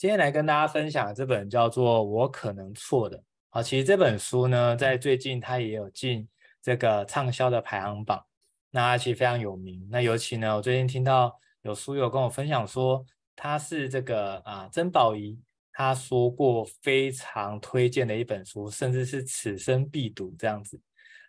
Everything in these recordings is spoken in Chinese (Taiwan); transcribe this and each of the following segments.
今天來跟大家分享的這本叫做《我可能錯了》啊，其實這本書呢，在最近它也有進這個暢銷的排行榜，那它其實非常有名。那尤其呢，我最近聽到有書友跟我分享說，他是這個啊曾寶儀，他說過非常推薦的一本書，甚至是此生必讀這樣子。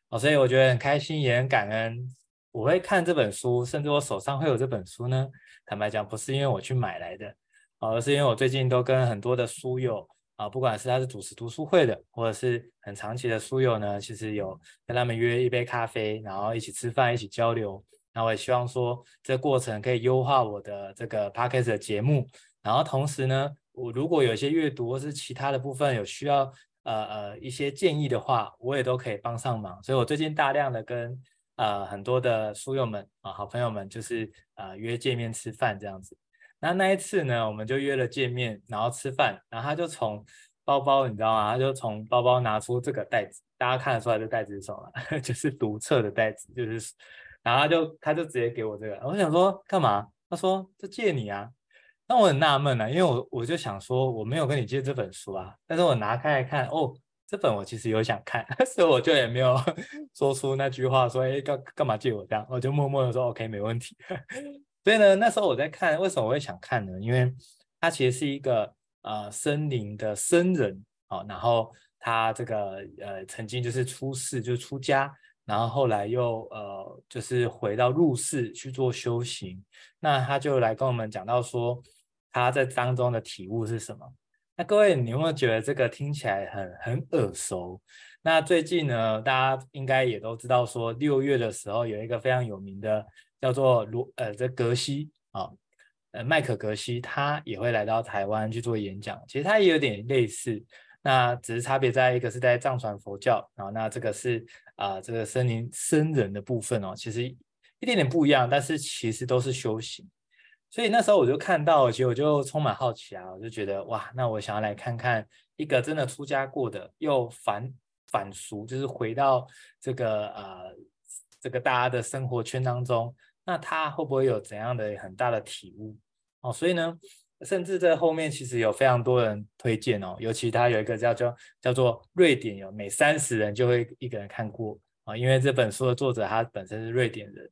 啊，所以我覺得很開心，也很感恩我會看這本書，甚至我手上會有這本書呢。坦白講，不是因為我去買來的。哦，是因為我最近都跟很多的書友啊，不管是他是主持讀書會的，或者是很長期的書友呢，其實有跟他們約一杯咖啡，然後一起吃飯，一起交流。那我也希望說，這過程可以優化我的這個 podcast 的節目。然後同時呢，我如果有些閱讀或是其他的部分有需要，呃呃一些建議的話，我也都可以幫上忙。所以我最近大量的跟啊、呃、很多的書友們啊、好朋友們，就是啊、呃、約見面吃飯這樣子。那那一次呢，我們就約了見面，然後吃飯，然後他就從包包，你知道嗎？他就從包包拿出這個袋子，大家看得出來這袋子是什麼？ 就是獨特的袋子，就是，然後他就他就直接給我這個，我想說幹嘛？他說這借你啊。那我很納悶呢、啊，因為我我就想說我沒有跟你借這本書啊，但是我拿開來看，哦，這本我其實有想看， 所以我就也沒有說出那句話說，說、欸、誒，幹幹嘛借我這樣，我就默默的說 OK 沒問題。 所以呢，那時候我在看，為什麼我會想看呢？因為他其實是一個呃森林的僧人哦，然後他這個呃曾經就是出世就是出家，然後後來又呃就是回到入世去做修行。那他就來跟我們講到說他在當中的體悟是什麼。那各位，你有沒有覺得這個聽起來很很耳熟？那最近呢，大家應該也都知道說六月的時候有一個非常有名的。叫做羅呃，這格西啊，呃、哦，麥可格西他也會來到台灣去做演講。其實他也有點類似，那只是差別在一個是在藏傳佛教啊，然後那這個是啊、呃，這個森林僧人的部分哦，其實一點點不一樣，但是其實都是修行。所以那時候我就看到，其實我就充滿好奇啊，我就覺得哇，那我想要來看看一個真的出家過的又還還俗，就是回到這個呃這個大家的生活圈當中。那他會不會有怎樣的很大的體悟哦？所以呢，甚至在後面其實有非常多人推薦哦，尤其他有一個叫做叫做瑞典有，哦，每三十人就會一個人看過啊，哦，因為這本書的作者他本身是瑞典人，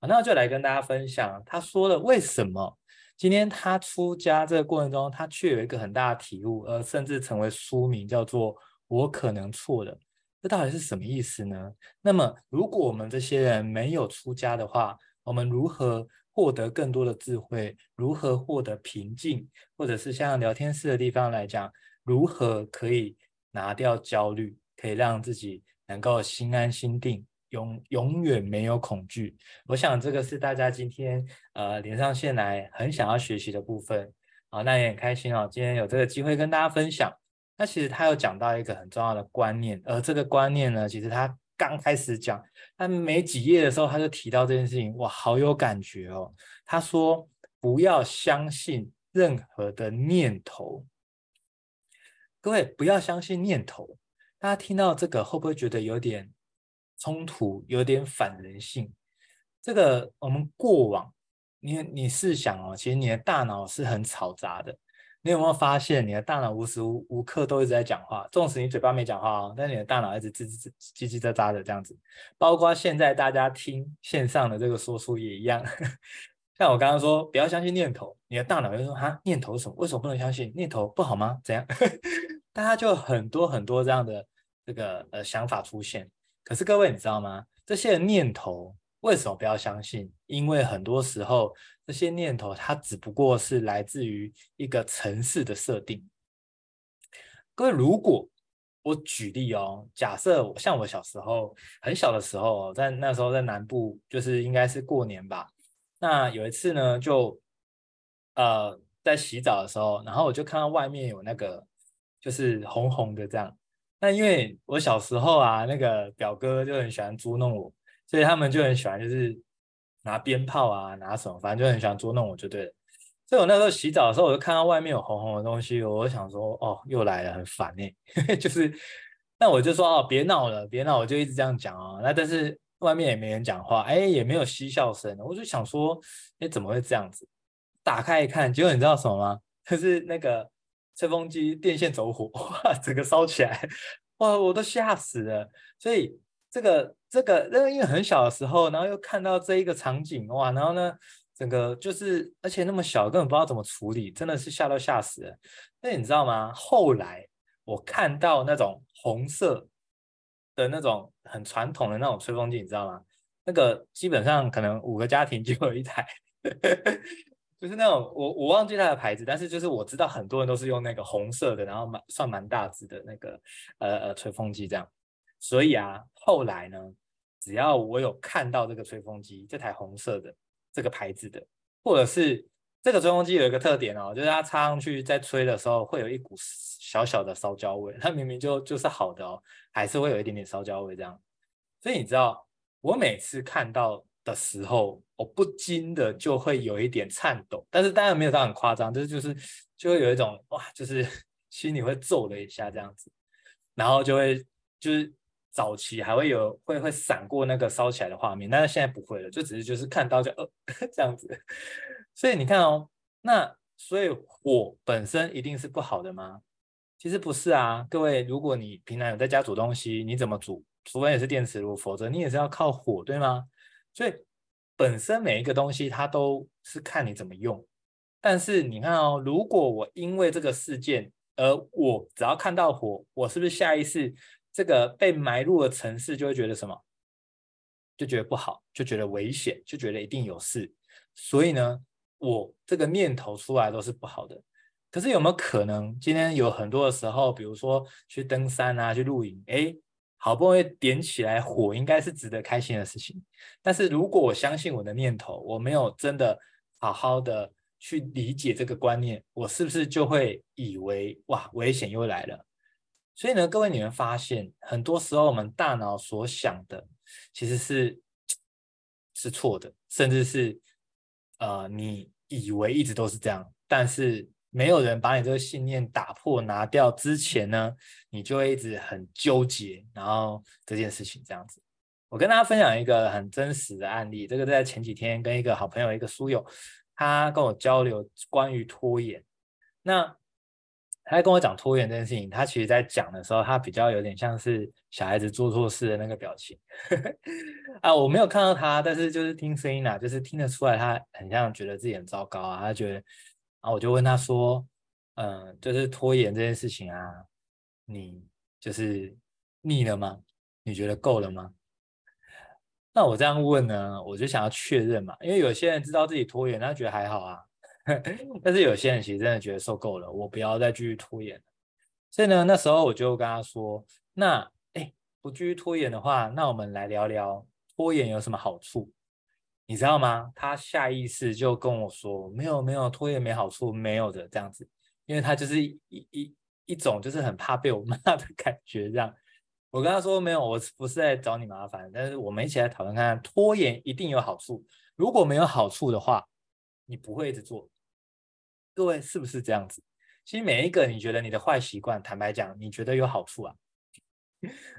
哦，那我就來跟大家分享他說了為什麼今天他出家這個過程中，他卻有一個很大的體悟，而甚至成為書名叫做《我可能錯了》，這到底是什麼意思呢？那麼如果我們這些人沒有出家的話，我們如何獲得更多的智慧？如何獲得平靜？或者是像聊天室的地方來講，如何可以拿掉焦慮，可以讓自己能夠心安心定，永永遠沒有恐懼？我想這個是大家今天呃連上線來很想要學習的部分。好，那也很開心啊，今天有這個機會跟大家分享。那其實他有講到一個很重要的觀念，而這個觀念呢，其實他。剛開始講，但沒幾頁的時候他就提到這件事情，哇，好有感覺哦。他說：“不要相信任何的念頭，各位不要相信念頭。”大家聽到這個會不會覺得有點衝突，有點反人性？這個我們過往，你你試想哦，其實你的大腦是很嘈雜的。你有沒有發現，你的大腦無時無無刻都一直在講話，縱使你嘴巴沒講話哦，但你的大腦一直吱吱吱、嘰嘰喳喳的這樣子。包括現在大家聽線上的這個說書也一樣， 像我剛剛說不要相信念頭，你的大腦就說啊，念頭什麼？為什麼不能相信？念頭不好嗎？怎樣？大 家就很多很多這樣的這個呃想法出現。可是各位你知道嗎？這些念頭。為什麼不要相信？因為很多時候這些念頭它只不過是來自於一個城市的設定。各位，如果我舉例哦，假設像我小時候很小的時候哦，在那時候在南部，就是應該是過年吧。那有一次呢，就呃在洗澡的時候，然後我就看到外面有那個就是紅紅的這樣。那因為我小時候啊，那個表哥就很喜歡捉弄我。所以他們就很喜歡，就是拿鞭炮啊，拿什麼，反正就很喜歡捉弄我，就對了。所以我那時候洗澡的時候，我就看到外面有紅紅的東西，我就想說，哦，又來了，很煩哎。 就是，那我就說，哦，別鬧了，別鬧！我就一直這樣講啊、哦。那但是外面也沒人講話，哎，也沒有嬉笑聲，我就想說，哎，怎麼會這樣子？打開一看，結果你知道什麼嗎？就是那個吹風機電線走火，哇，整個燒起來，哇，我都嚇死了。所以這個。這個，因為因為很小的時候，然後又看到這一個場景，哇，然後呢，整個就是，而且那麼小，根本不知道怎麼處理，真的是嚇都嚇死了。那你知道嗎？後來我看到那種紅色的那種很傳統的那種吹風機，你知道嗎？那個基本上可能五個家庭就有一台， 就是那種我我忘記它的牌子，但是就是我知道很多人都是用那個紅色的，然後蠻算蠻大只的那個呃呃吹風機這樣。所以啊，後來呢？只要我有看到這個吹風機，這台紅色的這個牌子的，或者是這個吹風機有一個特點哦，就是它插上去在吹的時候會有一股小小的燒焦味，它明明就就是好的哦，還是會有一點點燒焦味這樣。所以你知道，我每次看到的時候，我不禁的就會有一點顫抖，但是當然沒有到很誇張，就是就是就會有一種哇，就是心裡會皺了一下這樣子，然後就會就是。早期還會有會會閃過那個燒起來的畫面，但是現在不會了，就只是就是看到就呃這樣子。所以你看哦，那所以火本身一定是不好的嗎？其實不是啊，各位，如果你平常有在家煮東西，你怎麼煮？除非也是電磁爐，否則你也是要靠火，對嗎？所以本身每一個東西它都是看你怎麼用。但是你看哦，如果我因為這個事件而我只要看到火，我是不是下意識？這個被埋入的城市，就會覺得什麼？就覺得不好，就覺得危險，就覺得一定有事。所以呢，我這個念頭出來都是不好的。可是有沒有可能，今天有很多的時候，比如說去登山啊，去露營，哎，好不容易點起來火，應該是值得開心的事情。但是如果我相信我的念頭，我沒有真的好好的去理解這個觀念，我是不是就會以為，哇，危險又來了？所以呢，各位，你會發現很多時候我們大腦所想的其實是是錯的，甚至是呃，你以為一直都是這樣，但是沒有人把你這個信念打破、拿掉之前呢，你就會一直很糾結，然後這件事情這樣子。我跟大家分享一個很真實的案例，這個在前幾天跟一個好朋友、一個書友，他跟我交流關於拖延，那。他在跟我講拖延這件事情，他其實在講的時候，他比較有點像是小孩子做錯事的那個表情 啊，我沒有看到他，但是就是聽聲音啦、啊，就是聽得出來他很像覺得自己很糟糕啊，他覺得，然後，啊，我就問他說，嗯，就是拖延這件事情啊，你就是膩了嗎？你覺得夠了嗎？那我這樣問呢，我就想要確認嘛，因為有些人知道自己拖延，他覺得還好啊。 但是有些人其實真的覺得受夠了，我不要再繼續拖延了。所以呢，那時候我就跟他說：“那哎，不繼續拖延的話，那我們來聊聊拖延有什麼好處，你知道嗎？”他下意識就跟我說：“沒有，沒有拖延沒好處，沒有的這樣子。”因為他就是一一一種就是很怕被我罵的感覺。這樣，我跟他說：“沒有，我不是在找你麻煩。”但是我們一起來討論看看，拖延一定有好處。如果沒有好處的話，你不會一直做。各位是不是這樣子？其實每一個你覺得你的壞習慣，坦白講，你覺得有好處啊？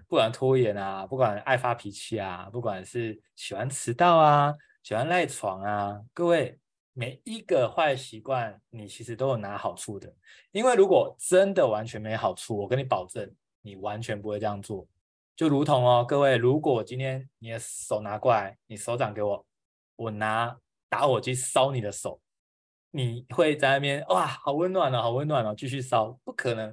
不管拖延啊，不管愛發脾氣啊，不管是喜歡遲到啊，喜歡賴床啊，各位每一個壞習慣，你其實都有拿好處的。因為如果真的完全沒好處，我跟你保證，你完全不會這樣做。就如同哦，各位，如果今天你的手拿過來，你手掌給我，我拿打火機燒你的手，你會在那邊哇，好溫暖啊、哦，好溫暖啊、哦，繼續燒，不可能，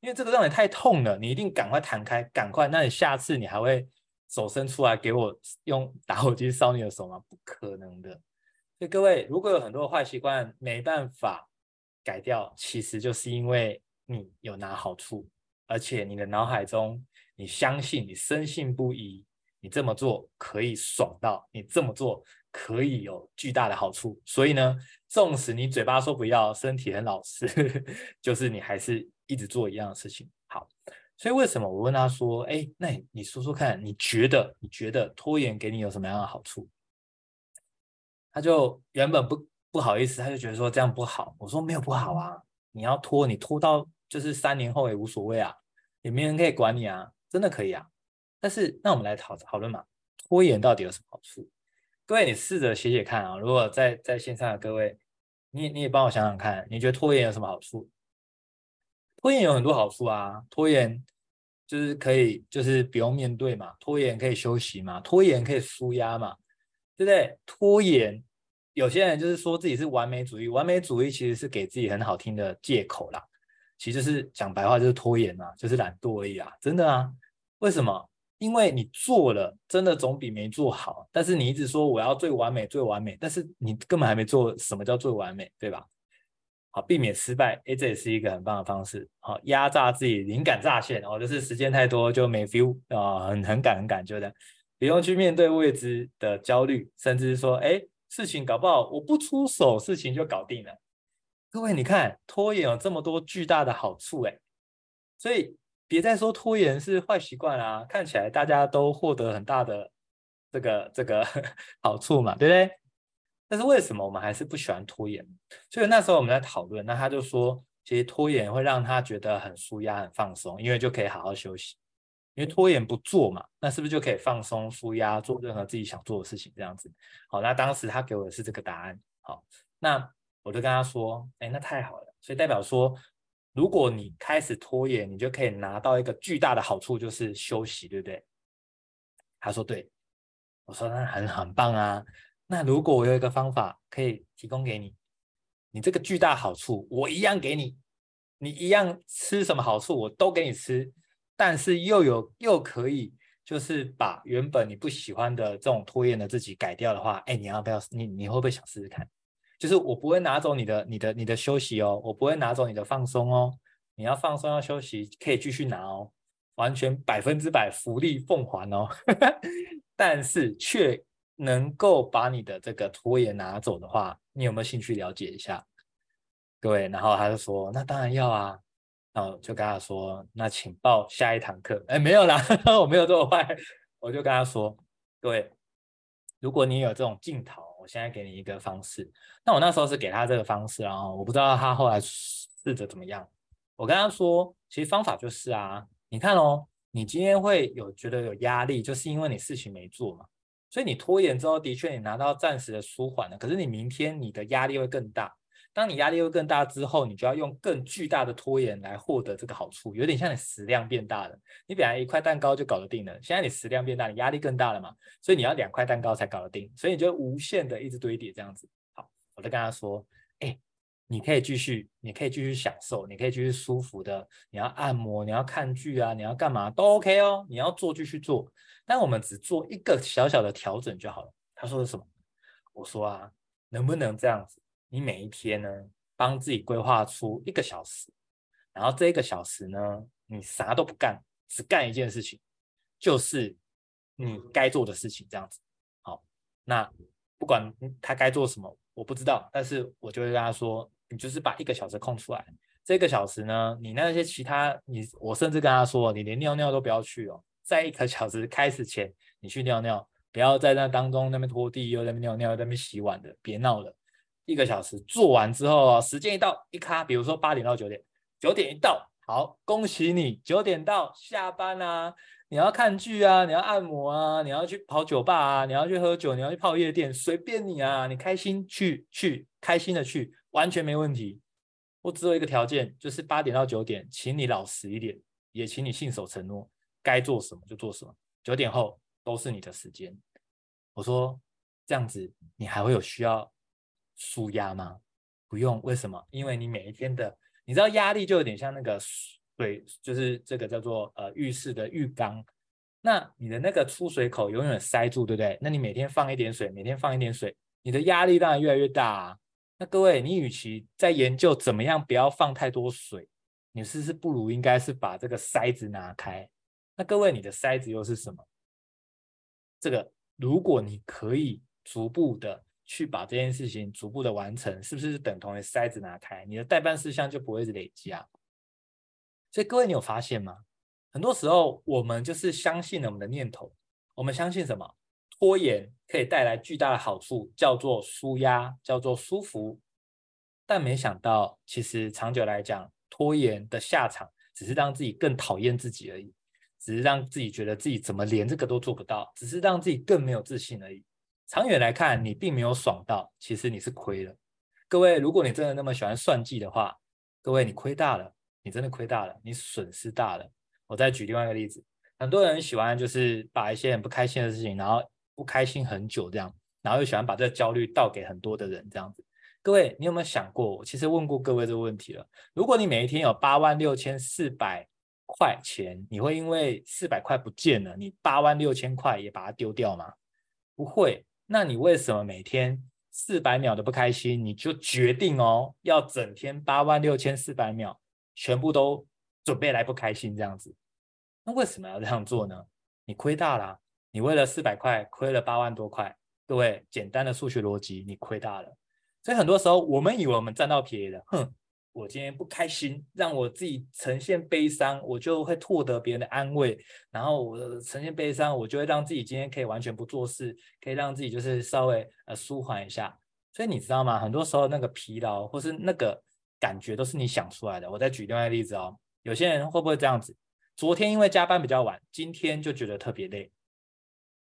因為這個讓你太痛了，你一定趕快彈開，趕快。那你下次你還會手伸出來給我用打火機燒你的手嗎？不可能的。所以各位，如果有很多壞習慣沒辦法改掉，其實就是因為你有拿好處，而且你的腦海中你相信你身不，你深信不疑。你這麼做可以爽到，你這麼做可以有巨大的好處。所以呢，縱使你嘴巴說不要，身體很老實， 就是你還是一直做一樣的事情。好，所以為什麼我問他說，哎，那你你說說看，你覺得你覺得拖延給你有什麼樣的好處？他就原本不不好意思，他就覺得說這樣不好。我說沒有不好啊，你要拖你拖到就是三年後也無所謂啊，也沒人可以管你啊，真的可以啊。但是，那我們來討討論嘛，拖延到底有什麼好處？各位，你試着寫寫寫看啊。如果在在線上的各位，你你也幫我想想看，你覺得拖延有什麼好處？拖延有很多好處啊，拖延就是可以，就是不用面對嘛，拖延可以休息嘛，拖延可以舒壓嘛，對不對？拖延，有些人就是說自己是完美主義，完美主義其實是給自己很好聽的借口啦。其實，是講白話就是拖延嘛，啊，就是懶惰而已啊，真的啊？為什麼？因為你做了，真的總比沒做好。但是你一直說我要最完美、最完美，但是你根本還沒做什麼叫最完美，對吧？好，避免失敗，哎，這也是一個很棒的方式。好，壓榨自己，靈感乍現哦，就是時間太多就沒 feel 啊、呃，很很趕很趕就這樣，覺得不用去面對未知的焦慮，甚至說，哎，事情搞不好我不出手，事情就搞定了。各位，你看拖延有這麼多巨大的好處，哎，所以。別再說拖延是壞習慣啦，看起來大家都獲得很大的這個這個好處嘛，對不對？但是為什麼我們還是不喜歡拖延？所以那時候我們在討論，那他就說，其實拖延會讓他覺得很舒壓、很放鬆，因為就可以好好休息，因為拖延不做嘛，那是不是就可以放鬆、舒壓，做任何自己想做的事情？這樣子，好，那當時他給我的是這個答案，好，那我就跟他說，欸，那太好了，所以代表說。如果你開始拖延，你就可以拿到一個巨大的好處，就是休息，對不對？他說對，我說那很很棒啊。那如果我有一個方法可以提供給你，你這個巨大好處我一樣給你，你一樣吃什麼好處我都給你吃，但是又有又可以就是把原本你不喜歡的這種拖延的自己改掉的話，哎，你要不要，你你會不會想試試看？就是我不會拿走你的、你的、你的休息哦，我不會拿走你的放鬆哦。你要放鬆要休息，可以繼續拿哦，完全百分之百福利奉還哦。但是卻能夠把你的這個拖延拿走的話，你有沒有興趣了解一下？對，然後他就說：“那當然要啊。”然後就跟他說：“那請報下一堂課。”欸，哎，沒有啦， 我沒有這麼壞。我就跟他說：“各位，如果你有這種鏡頭。”現在給你一個方式，那我那時候是給他這個方式，然後我不知道他後來試，試着怎麼樣。我跟他說，其實方法就是啊，你看哦，你今天會有覺得有壓力，就是因為你事情沒做嘛，所以你拖延之後，的確你拿到暫時的舒緩了，可是你明天你的壓力會更大。當你壓力又更大之後，你就要用更巨大的拖延來獲得這個好處，有點像你食量變大了。你本來一塊蛋糕就搞得定了，現在你食量變大，你壓力更大了嘛，所以你要兩塊蛋糕才搞得定，所以你就無限的一直堆疊這樣子。好，我就跟他說，哎，你可以繼續，你可以繼續享受，你可以繼續舒服的，你要按摩，你要看劇啊，你要幹嘛都 OK 哦，你要做就去做，但我們只做一個小小的調整就好了。他說的什麼？我說啊，能不能這樣子？你每一天呢，幫自己規劃出一個小時，然後這一個小時呢，你啥都不幹，只幹一件事情，就是你該做的事情，這樣子。好，那不管他該做什麼，我不知道，但是我就會跟他說，你就是把一個小時空出來，這個小時呢，你那些其他你，我甚至跟他說，你連尿尿都不要去哦，在一個小時開始前，你去尿尿，不要在那當中那邊拖地，又在那邊尿尿，又在那邊洗碗的，別鬧了。一個小時做完之後啊，時間一到一卡。比如說八點到九點，九點一到，好，恭喜你九點到下班啊！你要看劇啊，你要按摩啊，你要去跑酒吧啊，你要去喝酒，你要去泡夜店，隨便你啊，你開心去去，開心的去，完全沒問題。我只有一個條件，就是八點到九點，請你老實一點，也請你信守承諾，該做什麼就做什麼。九點後都是你的時間。我說這樣子，你還會有需要？舒壓嗎？不用，為什麼？因為你每一天的，你知道壓力就有點像那個水，就是這個叫做呃浴室的浴缸，那你的那個出水口永遠塞住，對不對？那你每天放一點水，每天放一點水，你的壓力當然越來越大啊。那各位，你與其在研究怎麼樣不要放太多水，你是不是不如應該是把這個塞子拿開。那各位，你的塞子又是什麼？這個，如果你可以逐步的。去把這件事情逐步的完成，是不是等同於塞子拿開？你的待辦事項就不會一直累積啊。所以各位，你有發現嗎？很多時候我們就是相信了我們的念頭，我們相信什麼？拖延可以帶來巨大的好處，叫做舒壓，叫做舒服。但沒想到，其實長久來講，拖延的下場只是讓自己更討厭自己而已，只是讓自己覺得自己怎麼連這個都做不到，只是讓自己更沒有自信而已。長遠來看，你並沒有爽到，其實你是虧了。各位，如果你真的那麼喜歡算計的話，各位，你虧大了，你真的虧大了，你損失大了。我再舉另外一個例子，很多人喜歡就是把一些很不開心的事情，然後不開心很久這樣，然後又喜歡把這個焦慮倒給很多的人這樣子。各位，你有沒有想過？我其實問過各位這個問題了。如果你每一天有八萬六千四百塊錢，你會因為四百塊不見了，你八萬六千塊也把它丟掉嗎？不會。那你為什麼每天四百秒的不開心，你就決定哦，要整天八萬六千四百秒全部都準備來不開心這樣子？那為什麼要這樣做呢？你虧大了啊，你為了四百塊虧了八萬多塊。各位簡單的數學邏輯，你虧大了。所以很多時候我們以為我們占到便宜了，哼。我今天不開心，讓我自己呈現悲傷，我就會獲得別人的安慰。然後我呈現悲傷，我就會讓自己今天可以完全不做事，可以讓自己就是稍微呃舒緩一下。所以你知道嗎？很多時候那個疲勞或是那個感覺都是你想出來的。我再舉另外一個例子哦，有些人會不會這樣子？昨天因為加班比較晚，今天就覺得特別累。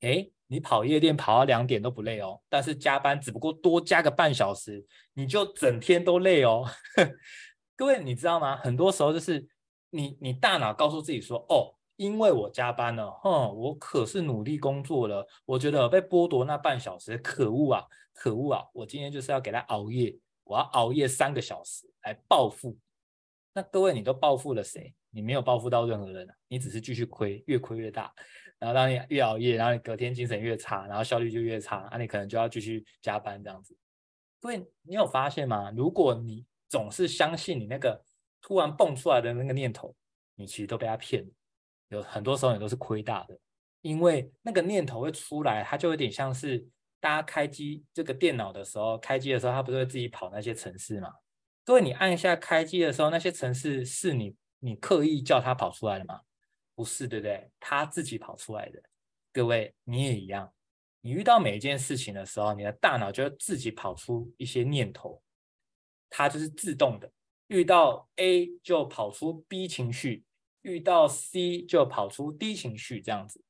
誒，你跑夜店跑到兩點都不累哦，但是加班只不過多加個半小時，你就整天都累哦。 各位你知道嗎？很多時候就是你你大腦告訴自己說，哦，因為我加班了，哼，我可是努力工作了，我覺得我被剝奪那半小時，可惡啊，可惡啊！我今天就是要給他熬夜，我要熬夜三個小時來報復。那各位你都報復了誰？你沒有報復到任何人，你只是繼續虧，越虧越大。然後當你越熬夜，然後你隔天精神越差，然後效率就越差，那、啊、你可能就要繼續加班這樣子。所以你有發現嗎？如果你總是相信你那個突然蹦出來的那個念頭，你其實都被他騙了。有很多時候你都是虧大的，因為那個念頭會出來，它就有點像是大家開機這個電腦的時候，開機的時候它不是會自己跑那些程式嗎？所以你按一下開機的時候，那些程式是你你刻意叫它跑出來的嗎？不是，對不對？它自己跑出來的。各位，你也一樣。你遇到每一件事情的時候，你的大腦就自己跑出一些念頭，它就是自動的。遇到 A 就跑出 B 情緒，遇到 C 就跑出 D 情緒，這樣子。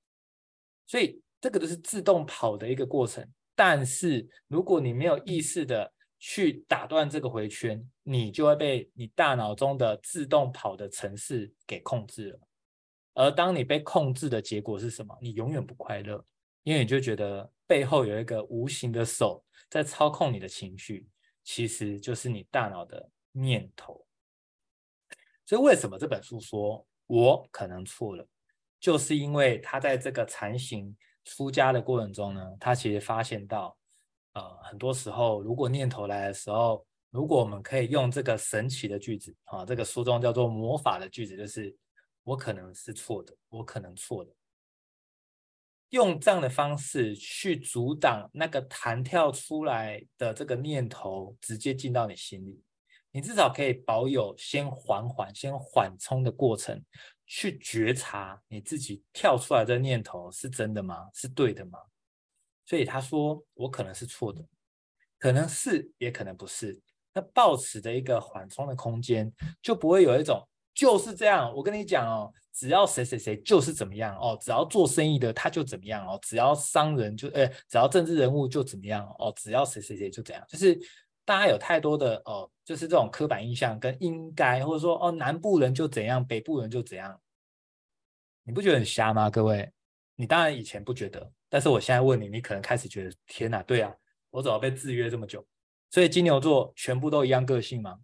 所以這個都是自動跑的一個過程。但是如果你沒有意識的去打斷這個回圈，你就會被你大腦中的自動跑的程式給控制了。而當你被控制的結果是什麼？你永遠不快樂，因為你就覺得背後有一個無形的手在操控你的情緒，其實就是你大腦的念頭。所以為什麼這本書說我可能錯了，就是因為他在這個禪行出家的過程中呢，他其實發現到，呃，很多時候如果念頭來的時候，如果我們可以用這個神奇的句子啊，這個書中叫做魔法的句子，就是。我可能是錯的，我可能錯的，用這樣的方式去阻擋那個彈跳出來的這個念頭直接進到你心裡，你至少可以保有先緩緩、先緩衝的過程，去覺察你自己跳出來的念頭是真的嗎？是對的嗎？所以他說我可能是錯的，可能是也可能不是，那保持的一個緩衝的空間，就不會有一種。就是這樣，我跟你講哦，只要誰誰誰就是怎麼樣哦，只要做生意的他就怎麼樣哦，只要商人就哎，只要政治人物就怎麼樣哦，只要誰誰誰就怎樣，就是大家有太多的哦，就是這種刻板印象跟應該，或者說哦，南部人就怎樣，北部人就怎樣，你不覺得很瞎嗎？各位，你當然以前不覺得，但是我現在問你，你可能開始覺得天哪，對啊，我怎麼被制約這麼久？所以金牛座全部都一樣個性嗎？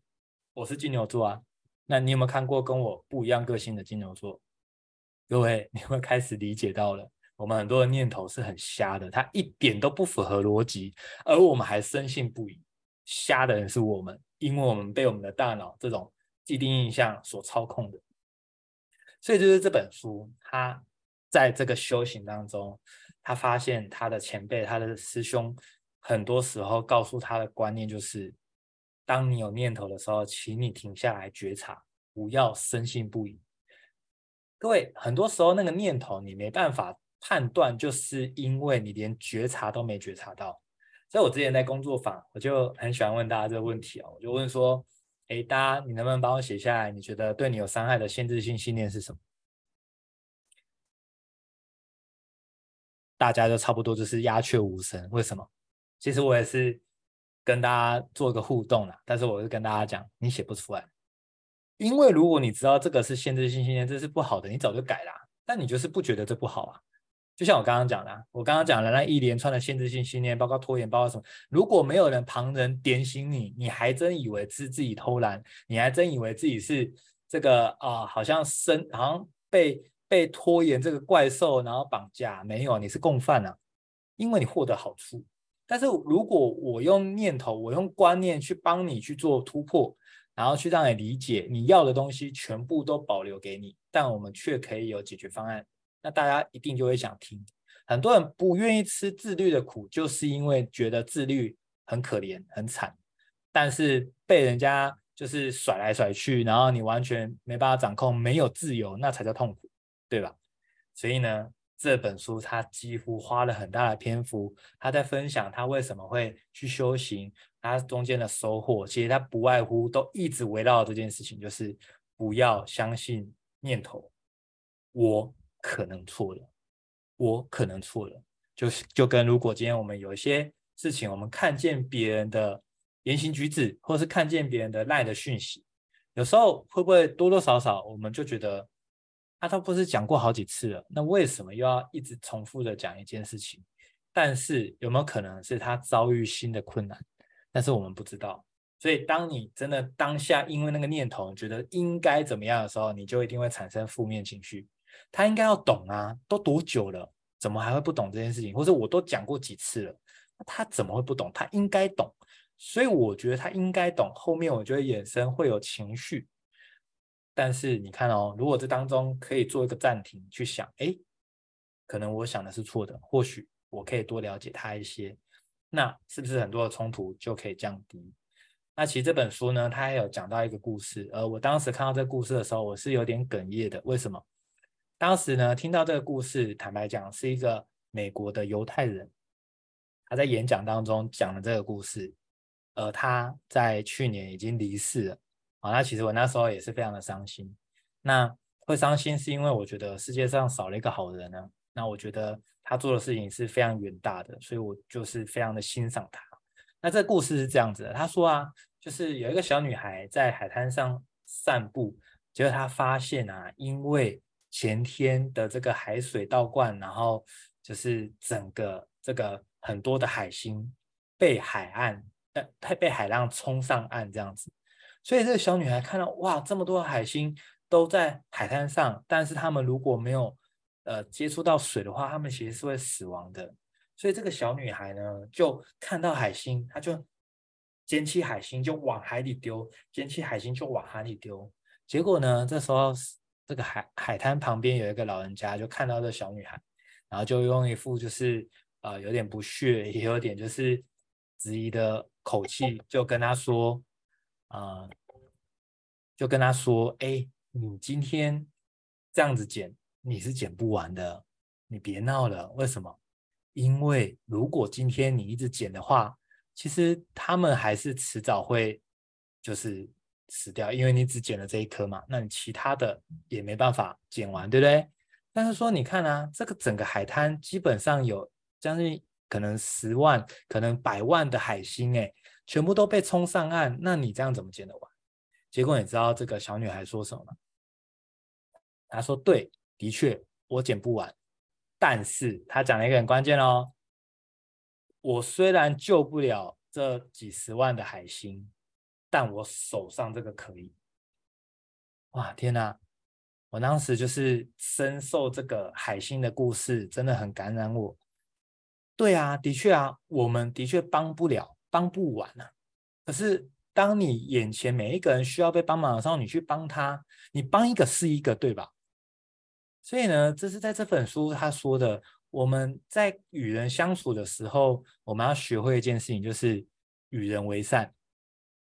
我是金牛座啊。那你有沒有看過跟我不一樣個性的金牛座？各位，你會開始理解到了，我們很多的念頭是很瞎的，它一點都不符合邏輯，而我們還深信不疑。瞎的人是我們，因為我們被我們的大腦這種既定印象所操控的。所以，就是這本書，他在這個修行當中，他發現他的前輩、他的師兄，很多時候告訴他的觀念就是。當你有念頭的時候，請你停下來覺察，不要深信不疑。各位，很多時候那個念頭你沒辦法判斷，就是因為你連覺察都沒覺察到。所以我之前在工作坊，我就很喜歡問大家這個問題啊、哦，我就問說：“哎，大家你能不能幫我寫下來？你覺得對你有傷害的限制性信念是什麼？”大家就差不多就是鴉雀無聲。為什麼？其實我也是。跟大家做個互動啦、啊，但是我是跟大家講，你寫不出來，因為如果你知道這個是限制性信念，這是不好的，你早就改啦、啊。但你就是不覺得這不好啊？就像我剛剛講的，我剛剛講的那一連串的限制性信念，包括拖延，包括什麼？如果沒有人、旁人點醒你，你還真以為是自己偷懶，你還真以為自己是這個啊。好像生，好像被被拖延這個怪獸然後綁架。沒有，你是共犯啊，因為你獲得好處。但是如果我用念頭，我用觀念去幫你去做突破，然後去讓你理解你要的東西全部都保留給你，但我們卻可以有解決方案，那大家一定就會想聽。很多人不願意吃自律的苦，就是因為覺得自律很可憐、很慘，但是被人家就是甩來甩去，然後你完全沒辦法掌控，沒有自由，那才叫痛苦，對吧？所以呢？這本書，他幾乎花了很大的篇幅，他在分享他為什麼會去修行，他中間的收穫。其實他不外乎都一直圍繞這件事情，就是不要相信念頭。我可能錯了，我可能錯了，就是就跟如果今天我們有一些事情，我們看見別人的言行舉止，或是看見別人的 LINE 的訊息，有時候會不會多多少少我們就覺得。啊，他都不是講過好幾次了，那為什麼又要一直重複的講一件事情？但是有沒有可能是他遭遇新的困難？但是我們不知道。所以當你真的當下因為那個念頭，你覺得應該怎麼樣的時候，你就一定會產生負面情緒。他應該要懂啊，都多久了，怎麼還會不懂這件事情？或者我都講過幾次了，他怎麼會不懂？他應該懂。所以我覺得他應該懂，後面我覺得衍生會有情緒。但是你看哦，如果這當中可以做一個暫停，去想，哎，可能我想的是錯的，或許我可以多了解他一些，那是不是很多的衝突就可以降低？那其實這本書呢，他也有講到一個故事，而我當時看到這個故事的時候，我是有點哽咽的。為什麼？當時呢，聽到這個故事，坦白講，是一個美國的猶太人，他在演講當中講了這個故事，而他在去年已經離世了。啊、哦，那其實我那時候也是非常的傷心。那會傷心是因為我覺得世界上少了一個好人呢、啊。那我覺得他做的事情是非常遠大的，所以我就是非常的欣賞他。那這個故事是這樣子的，他說啊，就是有一個小女孩在海灘上散步，結果她發現啊，因為前天的這個海水倒灌，然後就是整個這個很多的海星被海岸呃被被海浪衝上岸這樣子。所以這個小女孩看到哇，這麼多的海星都在海灘上，但是他們如果沒有呃接觸到水的話，他們其實是會死亡的。所以這個小女孩呢，就看到海星，她就撿起海星就往海裡丟，撿起海星就往海裡丟。結果呢，這時候這個海海灘旁邊有一個老人家，就看到這個小女孩，然後就用一副就是呃有點不屑，也有點就是質疑的口氣，就跟她說。啊、嗯，就跟他說，哎，你今天這樣子撿，你是撿不完的，你別鬧了。為什麼？因為如果今天你一直撿的話，其實他們還是遲早會就是死掉，因為你只撿了這一顆嘛，那你其他的也沒辦法撿完，對不對？但是說，你看啊，這個整個海灘基本上有將近可能十萬、可能百萬的海星，欸，哎。全部都被衝上岸，那你這樣怎麼撿得完？結果你知道這個小女孩說什麼嗎？她說：“對，的確我撿不完。”但是她講了一個很關鍵哦：“我雖然救不了這幾十萬的海星，但我手上這個可以。”哇，天哪！我當時就是深受這個海星的故事，真的很感染我。對啊，的確啊，我們的確幫不了。幫不完啊！可是當你眼前每一個人需要被幫忙的時候，你去幫他，你幫一個是一個，對吧？所以呢，這是在這本書他說的，我們在與人相處的時候，我們要學會一件事情，就是與人為善，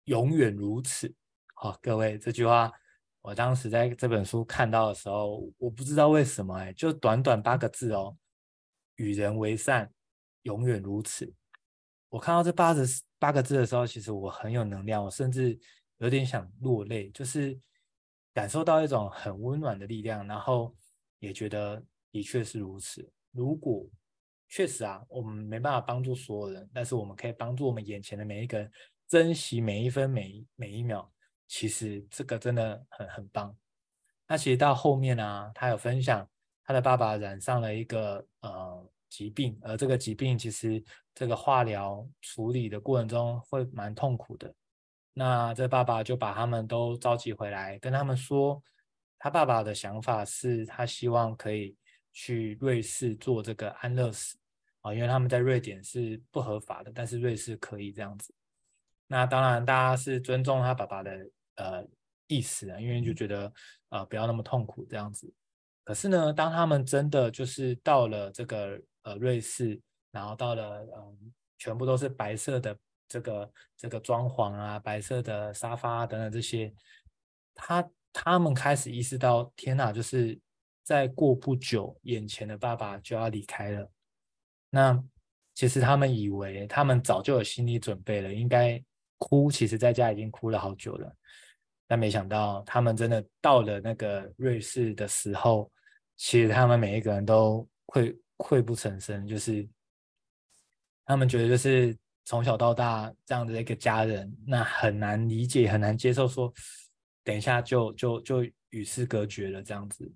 永遠如此。好、哦，各位，這句話我當時在這本書看到的時候，我不知道為什麼哎，就短短八個字哦，“與人為善，永遠如此”。我看到這八個字的時候，其實我很有能量，我甚至有點想落淚，就是感受到一種很溫暖的力量，然後也覺得的確是如此。如果確實啊，我們沒辦法幫助所有人，但是我們可以幫助我們眼前的每一個人，珍惜每一分每一每一秒，其實這個真的很很棒。那其實到後面啊，他有分享他的爸爸染上了一個呃。疾病，而這個疾病其實這個化療處理的過程中會蠻痛苦的。那這爸爸就把他們都召集回來，跟他們說，他爸爸的想法是他希望可以去瑞士做這個安樂死啊，因為他們在瑞典是不合法的，但是瑞士可以這樣子。那當然大家是尊重他爸爸的呃意思啊，因為就覺得啊、呃、不要那麼痛苦這樣子。可是呢，當他們真的就是到了這個。呃，瑞士，然後到了，嗯，全部都是白色的這個這個裝潢啊，白色的沙發、啊、等等這些，他他們開始意識到，天哪，就是再過不久，眼前的爸爸就要離開了。那其實他們以為他們早就有心理準備了，應該哭，其實在家已經哭了好久了。但沒想到，他們真的到了那個瑞士的時候，其實他們每一個人都會泣不成聲，就是他們覺得，就是從小到大這樣的一個家人，那很難理解，很難接受說。說等一下就就就與世隔絕了這樣子，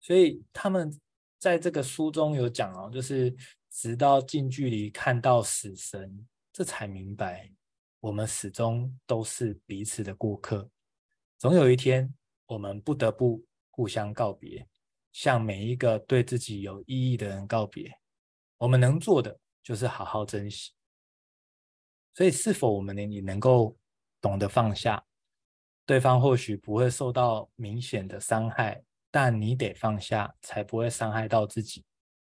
所以他們在這個書中有講哦，就是直到近距離看到死神，這才明白我們始終都是彼此的過客。總有一天，我們不得不互相告別。向每一個對自己有意義的人告別，我們能做的就是好好珍惜。所以，是否我們你能夠懂得放下，對方或許不會受到明顯的傷害，但你得放下才不會傷害到自己。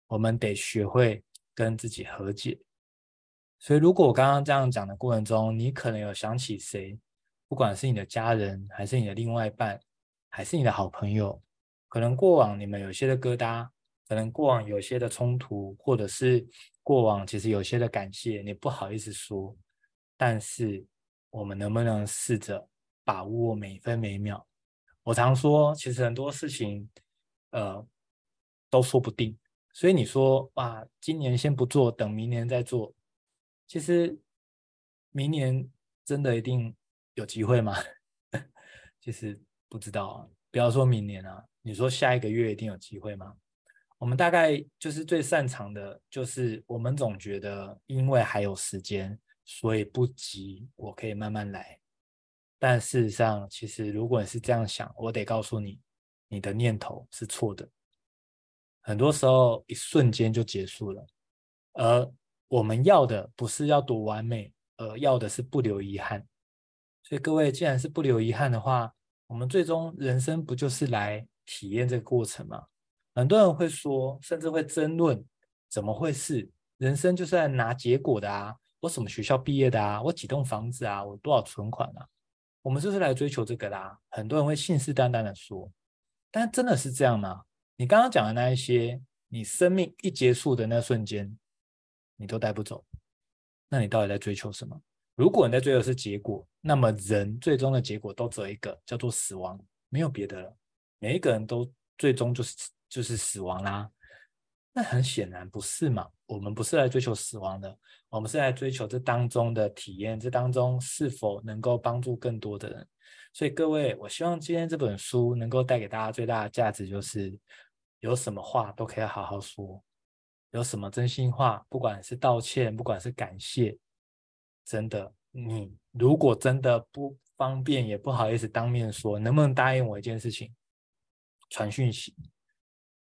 我們得學會跟自己和解。所以，如果我剛剛這樣講的過程中，你可能有想起誰，不管是你的家人，還是你的另外一半，還是你的好朋友。可能過往你們有些的疙瘩，可能過往有些的衝突，或者是過往其實有些的感謝，你不好意思說。但是我們能不能試着把握每分每秒？我常說，其實很多事情，呃，都說不定。所以你說，哇，今年先不做，等明年再做。其實明年真的一定有機會嗎？ 其實不知道啊。不要說明年啊。你說下一個月一定有機會嗎？我們大概就是最擅長的，就是我們總覺得因為還有時間，所以不急，我可以慢慢來。但事實上，其實如果你是這樣想，我得告訴你，你的念頭是錯的。很多時候，一瞬間就結束了。而我們要的不是要多完美，而要的是不留遺憾。所以各位，既然是不留遺憾的話，我們最終人生不就是來。體驗這個過程嘛？很多人會說，甚至會爭論，怎麼會是？人生就是來拿結果的啊！我什麼學校畢業的啊？我幾棟房子啊？我多少存款啊？我們是不是來追求這個的啊？很多人會信誓旦旦的說，但真的是這樣嗎？你剛剛講的那一些，你生命一結束的那瞬間，你都帶不走，那你到底在追求什麼？如果你在追求的是結果，那麼人最終的結果都只有一個，叫做死亡，沒有別的了。每一個人都最終就是就是死亡啦、啊，那很顯然不是嘛？我們不是來追求死亡的，我們是來追求這當中的體驗，這當中是否能夠幫助更多的人？所以各位，我希望今天這本書能夠帶給大家最大的價值，就是有什麼話都可以好好說，有什麼真心話，不管是道歉，不管是感謝，真的，你、嗯、如果真的不方便，也不好意思當面說，能不能答應我一件事情？傳訊息，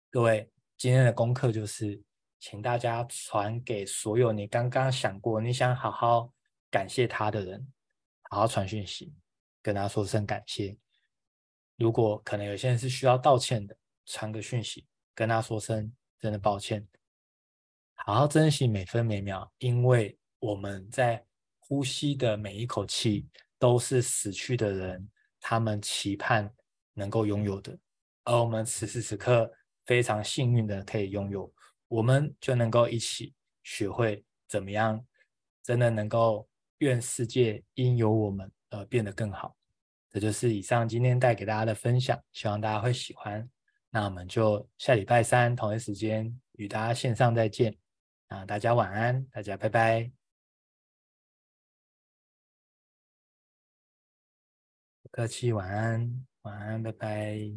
各位今天的功課就是，請大家傳給所有你剛剛想過你想好好感謝他的人，好好傳訊息，跟他說聲感謝。如果可能，有些人是需要道歉的，傳個訊息，跟他說聲真的抱歉。好好珍惜每分每秒，因為我們在呼吸的每一口氣，都是死去的人，他們期盼能夠擁有的。而我們此時此刻非常幸運的可以擁有，我們就能夠一起學會怎麼樣，真的能夠願世界因有我們而變得更好。這就是以上今天帶給大家的分享，希望大家會喜歡。那我們就下禮拜三同一時間與大家線上再見。啊，大家晚安，大家拜拜。不客氣，晚安，晚安，拜拜。